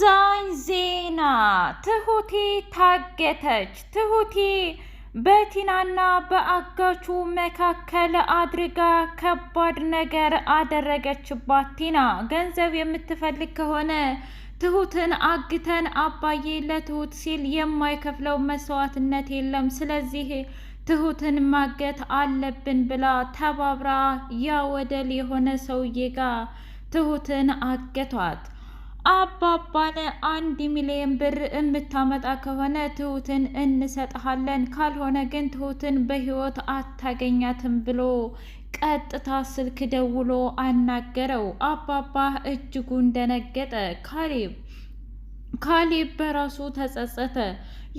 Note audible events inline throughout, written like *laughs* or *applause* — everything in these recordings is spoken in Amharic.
አሳዛኝ ዜና ትሁቴ ታገተች። ትሁቴ በቲናና በአጋቹ መካከል አድርጋ ከባድ ነገር አደረገችባት። ቲና ገንዘብ የምትፈልግ ከሆነ ትሁትን አግተን አባዬ ለትሁት ሲል የማይከፍለው መስዋዕትነት የለም፣ ስለዚህ ትሁትን ማገት አለብን ብላ ተባብራ ያወደል የሆነ ሰውዬ ጋር ትሁትን አገቷት። አባባለ አንድ ሚሊዮን ብር የምታመጣ ከሆነ ትሁትን እንሰጥሃለን፣ ካልሆነ ግን ትሁትን በህይወት አታገኛትም ብሎ ቀጥታ ስልክ ደውሎ አናገረው። አባባ እጅጉን ደነገጠ። ካሌብ ካሌብ በራሱ ተጸጸተ።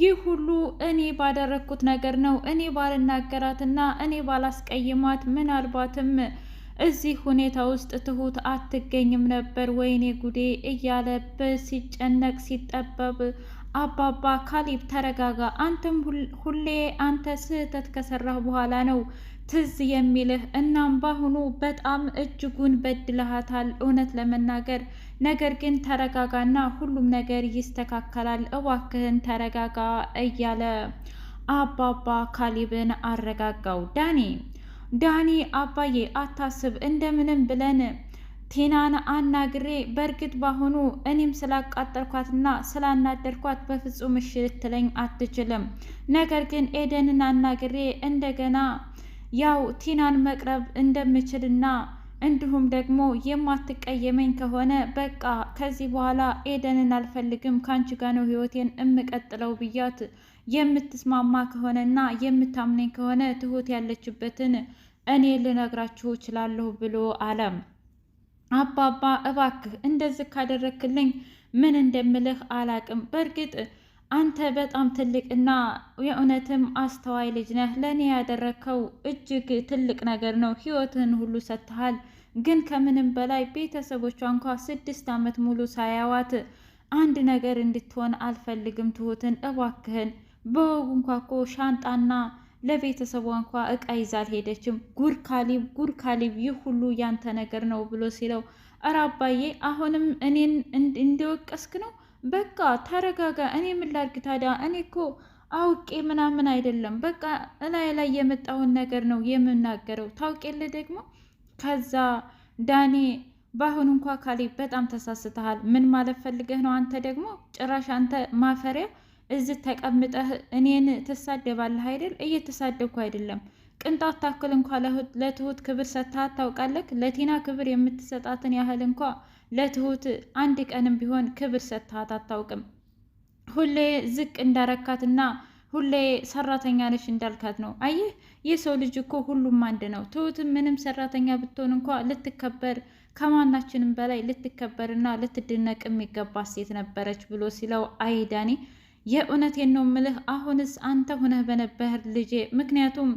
ይህ ሁሉ እኔ ባደረግኩት ነገር ነው። እኔ ባልናገራትና እኔ ባላስቀይማት ምናልባትም እዚህ ሁኔታ ውስጥ ትሁት አትገኝም ነበር ወይኔ ጉዴ እያለ ሲጨነቅ ሲጠበብ አባባ ካሊብ ተረጋጋ፣ አንተም ሁሌ አንተ ስህተት ከሰራህ በኋላ ነው ትዝ የሚልህ። እናም ባሁኑ በጣም እጅጉን በድልሃታል እውነት ለመናገር ነገር ግን ተረጋጋና ሁሉም ነገር ይስተካከላል፣ እባክህን ተረጋጋ እያለ አባባ ካሊብን አረጋጋው ዳኒ ዳኒ አባዬ አታስብ፣ እንደምንም ብለን ቴናን አናግሬ በእርግጥ ባሁኑ እኔም ስላቃጠልኳትና ስላናደርኳት በፍጹም እሺ ልትለኝ አትችልም። ነገር ግን ኤደንን አናግሬ እንደገና ያው ቲናን መቅረብ እንደምችልና እንዲሁም ደግሞ የማትቀየመኝ ከሆነ በቃ ከዚህ በኋላ ኤደንን አልፈልግም ከአንቺ ጋነው ነው እምቀጥለው ብያት የምትስማማ ከሆነና የምታምነኝ ከሆነ ትሁት ያለችበትን እኔ ልነግራችሁ እችላለሁ ብሎ አለም። አባባ እባክህ እንደዚህ ካደረክልኝ ምን እንደምልህ አላቅም። በእርግጥ አንተ በጣም ትልቅና የእውነትም አስተዋይ ልጅ ነህ። ለእኔ ያደረከው እጅግ ትልቅ ነገር ነው። ህይወትህን ሁሉ ሰጥተሃል። ግን ከምንም በላይ ቤተሰቦቿ እንኳ ስድስት ዓመት ሙሉ ሳያዋት አንድ ነገር እንድትሆን አልፈልግም። ትሁትን እባክህን በወጉ እንኳ እኮ ሻንጣና ለቤተሰቧ እንኳ እቃ ይዛ አልሄደችም። ጉር ካሊብ ጉር ካሊብ፣ ይህ ሁሉ ያንተ ነገር ነው ብሎ ሲለው እረ አባዬ አሁንም እኔን እንደወቀስክ ነው? በቃ ተረጋጋ። እኔ ምን ላድርግ ታዲያ? እኔ እኮ አውቄ ምናምን አይደለም። በቃ እላይ ላይ የመጣውን ነገር ነው የምናገረው። ታውቄለ ደግሞ ከዛ ዳኔ በአሁኑ እንኳ ካሌብ በጣም ተሳስተሃል። ምን ማለት ፈልገህ ነው? አንተ ደግሞ ጭራሽ አንተ ማፈሪያ እዚህ ተቀምጠህ እኔን ትሳደባለህ አይደል? እየተሳደብኩ አይደለም። ቅንጣት ታክል እንኳ ለትሁት ክብር ሰጥተሃት ታውቃለህ? ለቲና ክብር የምትሰጣትን ያህል እንኳ ለትሁት አንድ ቀንም ቢሆን ክብር ሰጥተሃት አታውቅም። ሁሌ ዝቅ እንዳረካትና ሁሌ ሰራተኛ ነሽ እንዳልካት ነው። አየህ፣ የሰው ልጅ እኮ ሁሉም አንድ ነው። ትሁትም ምንም ሰራተኛ ብትሆን እንኳ ልትከበር ከማናችንም በላይ ልትከበርና ልትድነቅ የሚገባ ሴት ነበረች ብሎ ሲለው አይ የእውነቴን ነው ምልህ። አሁንስ አንተ ሁነህ በነበህር ልጄ። ምክንያቱም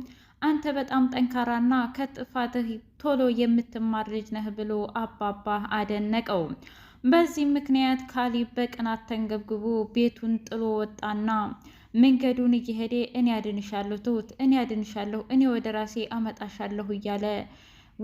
አንተ በጣም ጠንካራና ከጥፋትህ ቶሎ የምትማር ልጅ ነህ ብሎ አባባ አደነቀው። በዚህ ምክንያት ካሊብ በቅናት ተንገብግቦ ቤቱን ጥሎ ወጣና መንገዱን እየሄደ እኔ አድንሻለሁ ትሁት፣ እኔ አድንሻለሁ፣ እኔ ወደ ራሴ አመጣሻለሁ እያለ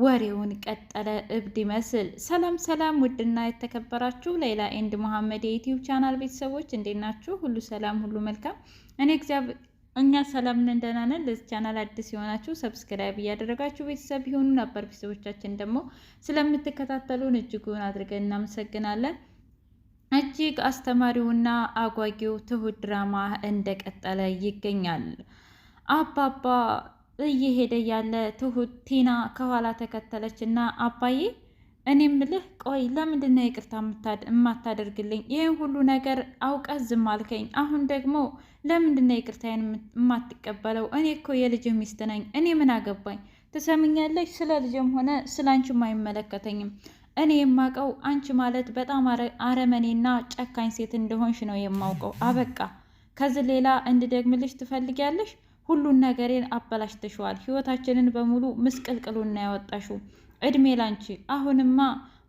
ወሬውን ቀጠለ እብድ ይመስል። ሰላም ሰላም! ውድና የተከበራችሁ ሌላ ኤንድ መሐመድ የዩቲዩብ ቻናል ቤተሰቦች እንዴት ናችሁ? ሁሉ ሰላም፣ ሁሉ መልካም። እኔ እግዚአብሔር እኛ ሰላም ነን፣ ደህና ነን። ለዚህ ቻናል አዲስ የሆናችሁ ሰብስክራይብ እያደረጋችሁ ቤተሰብ የሆኑ ነበር። ቤተሰቦቻችን ደግሞ ስለምትከታተሉን እጅጉን አድርገን እናመሰግናለን። እጅግ አስተማሪውና አጓጊው ትሁት ድራማ እንደቀጠለ ይገኛል አባባ እየሄደ ያለ ትሁት ቲና ከኋላ ተከተለች እና አባዬ እኔ ምልህ ቆይ ለምንድን ነው ይቅርታ የማታደርግልኝ? ይህን ሁሉ ነገር አውቀህ ዝም አልከኝ። አሁን ደግሞ ለምንድን ነው ይቅርታዬን የማትቀበለው? እኔ እኮ የልጅ ሚስት ነኝ። እኔ ምን አገባኝ? ትሰምኛለች? ስለ ልጅም ሆነ ስለ አንቺም አይመለከተኝም። እኔ የማውቀው አንቺ ማለት በጣም አረመኔና ጨካኝ ሴት እንደሆንሽ ነው የማውቀው። አበቃ። ከዚህ ሌላ እንድደግምልሽ ትፈልጊያለሽ? ሁሉን ነገሬን አበላሽተሸዋል። ህይወታችንን በሙሉ ምስቅልቅሉና ያወጣሹ እድሜ ላንቺ። አሁንማ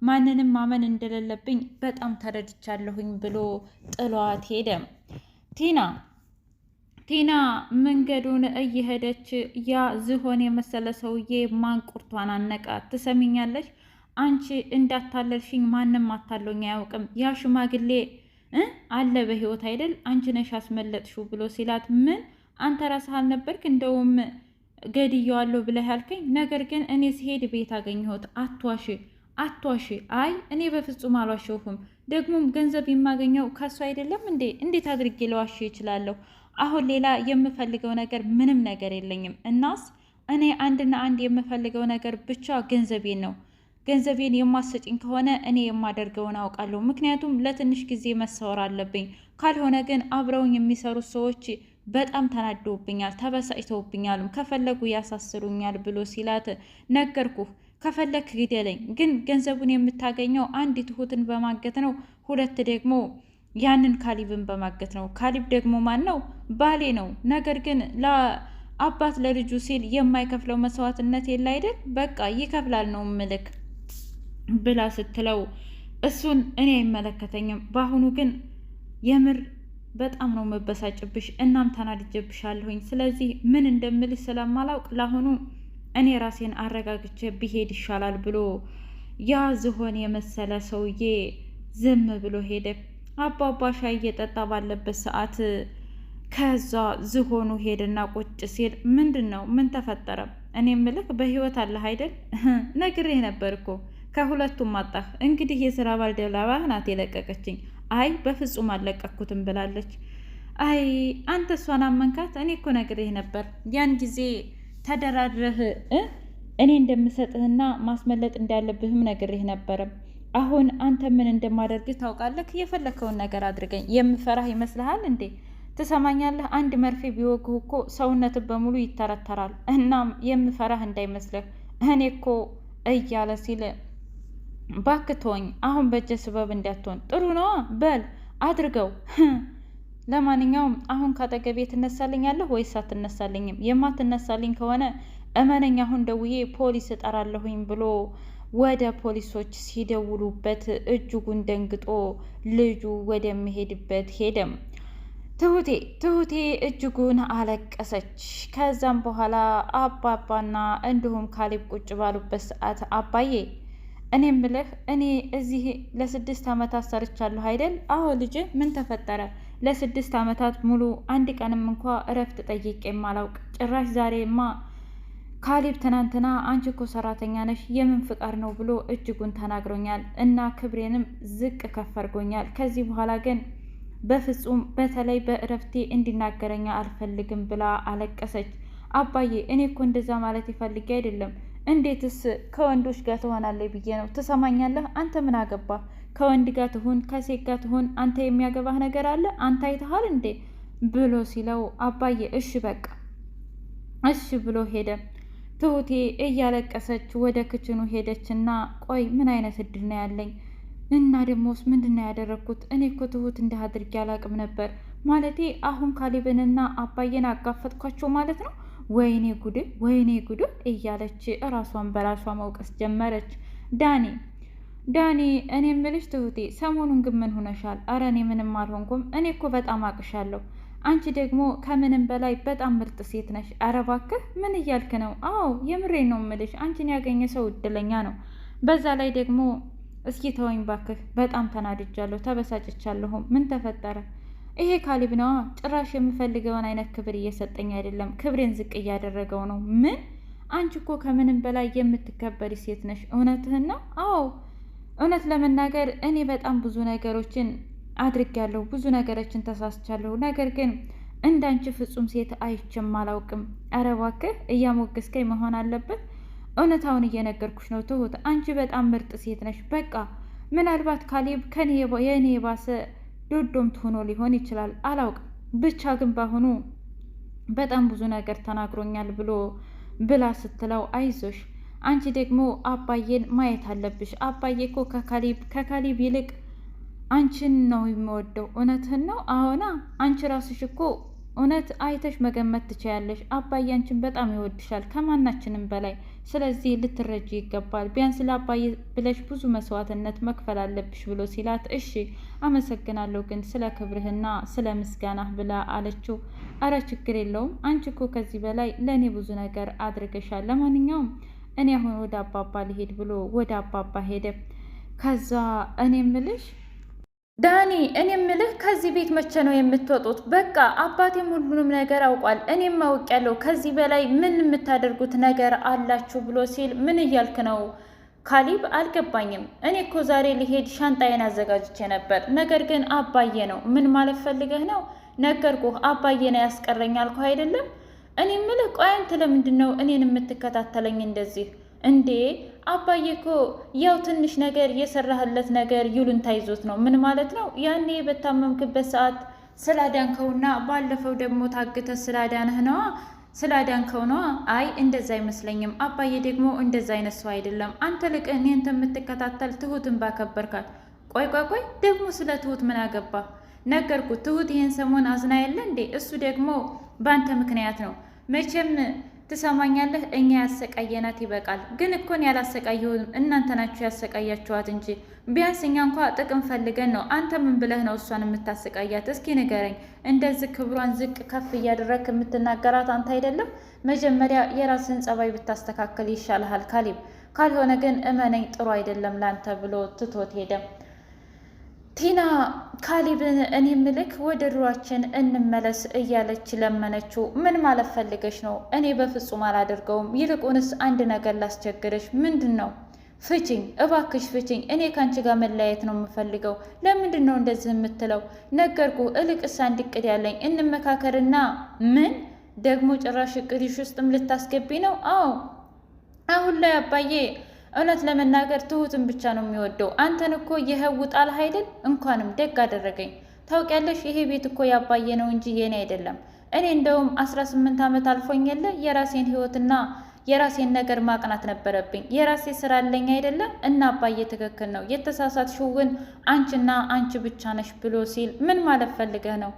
ማንንም ማመን እንደሌለብኝ በጣም ተረድቻለሁኝ ብሎ ጥሏት ሄደ። ቲና ቲና መንገዱን እየሄደች ያ ዝሆን የመሰለ ሰውዬ ማንቁርቷን አነቃት። ትሰሚኛለች አንቺ እንዳታለልሽኝ ማንም አታለኝ አያውቅም። ያ ሽማግሌ አለ በህይወት አይደል? አንቺ ነሽ ያስመለጥሽው ብሎ ሲላት ምን አንተ ራስህ አልነበርክ እንደውም ገድየዋለሁ ብለህ ያልከኝ። ነገር ግን እኔ ስሄድ ቤት አገኘሁት። አትዋሽ አትዋሽ። አይ እኔ በፍጹም አልዋሸሁም። ደግሞም ገንዘብ የማገኘው ከሱ አይደለም እንዴ? እንዴት አድርጌ ለዋሽ ይችላለሁ? አሁን ሌላ የምፈልገው ነገር ምንም ነገር የለኝም። እናስ እኔ አንድና አንድ የምፈልገው ነገር ብቻ ገንዘቤን ነው። ገንዘቤን የማሰጭኝ ከሆነ እኔ የማደርገውን አውቃለሁ። ምክንያቱም ለትንሽ ጊዜ መሰወር አለብኝ። ካልሆነ ግን አብረውኝ የሚሰሩት ሰዎች በጣም ተናደውብኛል፣ ተበሳጭተውብኛሉም ከፈለጉ ያሳስሩኛል ብሎ ሲላት ነገርኩህ ከፈለክ ግደለኝ፣ ግን ገንዘቡን የምታገኘው አንድ ትሁትን በማገት ነው። ሁለት ደግሞ ያንን ካሊብን በማገት ነው። ካሊብ ደግሞ ማን ነው? ባሌ ነው። ነገር ግን ለአባት ለልጁ ሲል የማይከፍለው መስዋዕትነት የለ አይደል? በቃ ይከፍላል ነው ምልክ ብላ ስትለው እሱን እኔ አይመለከተኝም። በአሁኑ ግን የምር በጣም ነው መበሳጭብሽ፣ እናም አለሁኝ ስለዚህ ምን እንደምልሽ ስለማላውቅ ለአሁኑ እኔ ራሴን አረጋግቼ ብሄድ ይሻላል ብሎ ያ ዝሆን የመሰለ ሰውዬ ዝም ብሎ ሄደ። አባባ ሻይ እየጠጣ ባለበት ሰዓት ከዛ ዝሆኑ ሄድና ቁጭ ሲል ምንድን ነው ምን ተፈጠረ? እኔ ምልክ በህይወት አለህ አይደል? *laughs* ነግሬህ ነበር እኮ ከሁለቱም አጣህ። እንግዲህ የስራ ባልደረባህ ናት የለቀቀችኝ አይ በፍጹም አለቀኩትም ብላለች። አይ አንተ እሷን አመንካት? እኔ እኮ ነግሬህ ነበር ያን ጊዜ ተደራድረህ እኔ እንደምሰጥህና ማስመለጥ እንዳለብህም ነግሬህ ነበርም አሁን አንተ ምን እንደማደርግህ ታውቃለህ። የፈለከውን ነገር አድርገኝ። የምፈራህ ይመስልሃል እንዴ? ትሰማኛለህ? አንድ መርፌ ቢወግህ እኮ ሰውነትን በሙሉ ይተረተራል። እናም የምፈራህ እንዳይመስልህ እኔ እኮ እያለ ሲል ባክቶኝ አሁን በእጀ ስበብ እንዳትሆን ጥሩ ነዋ። በል አድርገው። *laughs* ለማንኛውም አሁን ካጠገቤ ትነሳልኛለህ ወይስ አትነሳልኝም? የማትነሳልኝ ከሆነ እመነኝ አሁን ደውዬ ፖሊስ እጠራለሁኝ ብሎ ወደ ፖሊሶች ሲደውሉበት እጅጉን ደንግጦ ልጁ ወደሚሄድበት ሄደም። ትሁቴ ትሁቴ እጅጉን አለቀሰች። ከዛም በኋላ አባባና እንዲሁም ካሌብ ቁጭ ባሉበት ሰዓት አባዬ እኔ ምልህ እኔ እዚህ ለስድስት ዓመታት ሰርቻለሁ አይደል? አዎ ልጅ፣ ምን ተፈጠረ? ለስድስት ዓመታት ሙሉ አንድ ቀንም እንኳ እረፍት ጠይቄ የማላውቅ ጭራሽ ዛሬማ ካሊብ ትናንትና አንቺ እኮ ሰራተኛ ነሽ የምን ፍቃድ ነው ብሎ እጅጉን ተናግሮኛል እና ክብሬንም ዝቅ ከፍ አድርጎኛል። ከዚህ በኋላ ግን በፍጹም በተለይ በእረፍቴ እንዲናገረኛ አልፈልግም ብላ አለቀሰች። አባዬ እኔ እኮ እንደዛ ማለት ይፈልጌ አይደለም እንዴትስ ከወንዶች ጋር ትሆናለህ ብዬ ነው። ትሰማኛለህ? አንተ ምን አገባ? ከወንድ ጋር ትሁን ከሴት ጋር ትሁን አንተ የሚያገባህ ነገር አለ? አንተ አይተሃል እንዴ ብሎ ሲለው አባዬ እሺ በቃ እሺ ብሎ ሄደ። ትሁቴ እያለቀሰች ወደ ክችኑ ሄደች እና ቆይ ምን አይነት እድል ነው ያለኝ እና ደግሞስ ምንድን ነው ያደረግኩት? እኔ እኮ ትሁት እንዲህ አድርጌ አላቅም ነበር። ማለቴ አሁን ካሊብንና አባዬን አጋፈጥኳቸው ማለት ነው። ወይኔ ጉድ ወይኔ ጉድ እያለች እራሷን በራሷ መውቀስ ጀመረች። ዳኒ ዳኒ እኔ ምልሽ ትሁቴ፣ ሰሞኑን ግን ምን ሆነሻል? አረ እኔ ምንም አልሆንኩም። እኔ እኮ በጣም አቅሻለሁ። አንቺ ደግሞ ከምንም በላይ በጣም ምርጥ ሴት ነሽ። አረ እባክህ ምን እያልክ ነው? አዎ የምሬ ነው ምልሽ። አንቺን ያገኘ ሰው እድለኛ ነው። በዛ ላይ ደግሞ እስኪ ተወኝ ባክህ፣ በጣም ተናድጃለሁ፣ ተበሳጭቻለሁም። ምን ተፈጠረ? ይሄ ካሊብ ነዋ። ጭራሽ የምፈልገውን አይነት ክብር እየሰጠኝ አይደለም፣ ክብሬን ዝቅ እያደረገው ነው። ምን አንቺ እኮ ከምንም በላይ የምትከበሪ ሴት ነሽ። እውነትህን ነው? አዎ እውነት ለመናገር እኔ በጣም ብዙ ነገሮችን አድርጊያለሁ፣ ብዙ ነገሮችን ተሳስቻለሁ። ነገር ግን እንዳንቺ ፍጹም ሴት አይቼም አላውቅም። ኧረ እባክህ እያሞገስከኝ መሆን አለበት። እውነታውን እየነገርኩሽ ነው ትሁት፣ አንቺ በጣም ምርጥ ሴት ነሽ። በቃ ምናልባት ካሌብ ከኔ የኔ የባሰ ዶዶምት ሆኖ ሊሆን ይችላል አላውቅም። ብቻ ግን በአሁኑ በጣም ብዙ ነገር ተናግሮኛል ብሎ ብላ ስትለው አይዞሽ አንቺ ደግሞ አባዬን ማየት አለብሽ። አባዬ እኮ ከካሊብ ከካሊብ ይልቅ አንቺን ነው የሚወደው። እውነትህን ነው። አሁና አንቺ ራስሽ እኮ እውነት አይተሽ መገመት ትችያለሽ። አባያንችን በጣም ይወድሻል ከማናችንም በላይ። ስለዚህ ልትረጂ ይገባል። ቢያንስ ለአባዬ ብለሽ ብዙ መስዋዕትነት መክፈል አለብሽ ብሎ ሲላት፣ እሺ አመሰግናለሁ ግን ስለ ክብርህና ስለ ምስጋናህ ብላ አለችው። አረ ችግር የለውም አንቺ እኮ ከዚህ በላይ ለእኔ ብዙ ነገር አድርገሻል። ለማንኛውም እኔ አሁን ወደ አባባ ልሄድ ብሎ ወደ አባባ ሄደ። ከዛ እኔ ምልሽ ዳኒ እኔ ምልህ ከዚህ ቤት መቼ ነው የምትወጡት? በቃ አባቴም ሁሉንም ነገር አውቋል፣ እኔም ያለው ከዚህ በላይ ምን የምታደርጉት ነገር አላችሁ ብሎ ሲል ምን እያልክ ነው ካሊብ? አልገባኝም። እኔ እኮ ዛሬ ሊሄድ ሻንጣዬን አዘጋጅቼ ነበር፣ ነገር ግን አባዬ ነው። ምን ማለት ፈልገህ ነው? ነገርኩህ፣ አባዬ ነው ያስቀረኝ አልኩህ አይደለም። እኔ ምልህ ቆይ አንተ ለምንድን ነው እኔን የምትከታተለኝ እንደዚህ እንዴ አባዬ እኮ ያው ትንሽ ነገር የሰራህለት ነገር ይሉንታ ይዞት ነው። ምን ማለት ነው? ያኔ በታመምክበት ሰዓት ስላዳንከውና ባለፈው ደግሞ ታግተ ስላዳንህ ነዋ ስላዳንከው ነዋ። አይ እንደዛ አይመስለኝም። አባዬ ደግሞ እንደዛ አይነት ሰው አይደለም። አንተ ልቅ እኔን የምትከታተል ትሁትን ባከበርካት። ቆይ ቆይ ቆይ ደግሞ ስለ ትሁት ምን አገባ? ነገርኩ ትሁት ይህን ሰሞን አዝና የለ እንዴ? እሱ ደግሞ በአንተ ምክንያት ነው መቼም ትሰማኛለህ? እኛ ያሰቃየናት ይበቃል። ግን እኮን ያላሰቃየሁም እናንተ ናችሁ ያሰቃያችኋት እንጂ ቢያንስ እኛ እንኳ ጥቅም ፈልገን ነው። አንተ ምን ብለህ ነው እሷን የምታሰቃያት? እስኪ ንገረኝ። እንደዚህ ክብሯን ዝቅ ከፍ እያደረግክ የምትናገራት አንተ አይደለም? መጀመሪያ የራስን ጸባይ ብታስተካከል ይሻልሃል ካሌብ። ካልሆነ ግን እመነኝ ጥሩ አይደለም ላንተ ብሎ ትቶት ሄደም። ቲና ካሊብን እኔ ምልክ ወደ ድሯችን እንመለስ እያለች ለመነችው። ምን ማለት ፈልገሽ ነው? እኔ በፍጹም አላደርገውም። ይልቁንስ አንድ ነገር ላስቸግረሽ። ምንድን ነው? ፍቺኝ እባክሽ ፍቺኝ። እኔ ከአንቺ ጋር መለያየት ነው የምፈልገው። ለምንድን ነው እንደዚህ የምትለው? ነገርኩ። እልቅስ አንድ እቅድ ያለኝ እንመካከርና። ምን ደግሞ ጭራሽ እቅድሽ ውስጥም ልታስገቢ ነው? አዎ አሁን ላይ አባዬ እውነት ለመናገር ትሁትን ብቻ ነው የሚወደው። አንተን እኮ የህው ጣል አይደል? እንኳንም ደግ አደረገኝ። ታውቂያለሽ ይሄ ቤት እኮ ያባየ ነው እንጂ የኔ አይደለም። እኔ እንደውም 18 ዓመት አልፎኝ የለ የራሴን ህይወትና የራሴን ነገር ማቅናት ነበረብኝ። የራሴ ስራ አለኝ አይደለም። እና አባዬ ትክክል ነው፣ የተሳሳትሽውን አንቺና አንቺ ብቻ ነሽ ብሎ ሲል ምን ማለት ፈልገህ ነው?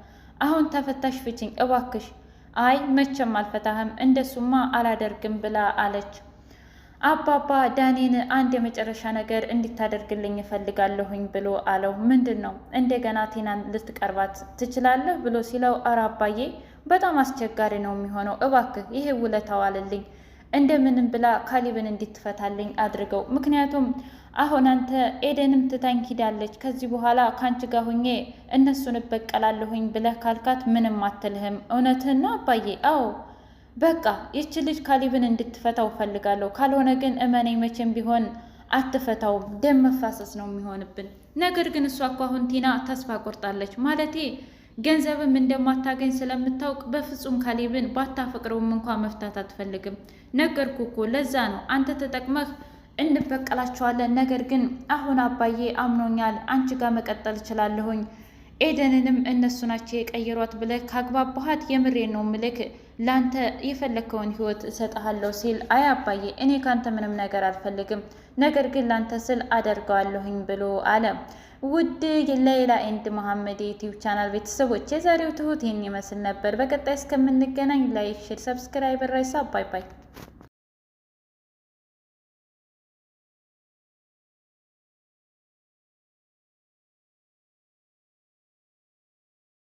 አሁን ተፈታሽ ፍችኝ እባክሽ። አይ መቼም አልፈታህም፣ እንደሱማ አላደርግም ብላ አለች። አባባ ዳኔን አንድ የመጨረሻ ነገር እንድታደርግልኝ እፈልጋለሁኝ ብሎ አለው። ምንድን ነው እንደገና ቴናን ልትቀርባት ትችላለህ ብሎ ሲለው፣ አረ አባዬ በጣም አስቸጋሪ ነው የሚሆነው። እባክህ ይሄ ውለታ ዋለልኝ እንደምንም ብላ ካሊብን እንድትፈታልኝ አድርገው። ምክንያቱም አሁን አንተ ኤደንም ትታኝ ሂዳለች። ከዚህ በኋላ ከአንቺ ጋር ሁኜ እነሱን እበቀላለሁኝ ብለህ ካልካት ምንም አትልህም። እውነትህን ነው አባዬ? አዎ በቃ ይች ልጅ ካሊብን እንድትፈታው ፈልጋለሁ ካልሆነ ግን እመኔ መቼም ቢሆን አትፈታው ደም መፋሰስ ነው የሚሆንብን። ነገር ግን እሷ እኮ አሁን ቲና ተስፋ ቆርጣለች። ማለቴ ገንዘብም እንደማታገኝ ስለምታውቅ በፍጹም ካሊብን ባታፈቅረውም እንኳ መፍታት አትፈልግም። ነገርኩ እኮ ለዛ ነው አንተ ተጠቅመህ እንበቀላቸዋለን። ነገር ግን አሁን አባዬ አምኖኛል፣ አንቺ ጋር መቀጠል እችላለሁኝ ኤደንንም እነሱ ናቸው የቀየሯት ብለህ ካግባባሃት የምሬ ነው ምልክ ለአንተ የፈለግከውን ህይወት እሰጥሃለሁ ሲል አይ አባዬ እኔ ካንተ ምንም ነገር አልፈልግም፣ ነገር ግን ለአንተ ስል አደርገዋለሁኝ ብሎ አለ። ውድ የለይላ ኤንድ መሐመድ ዩቲዩብ ቻናል ቤተሰቦች የዛሬው ትሁት ይህን ይመስል ነበር። በቀጣይ እስከምንገናኝ ላይክ፣ ሼር፣ ሰብስክራይብ ራይሳ። ባይ ባይ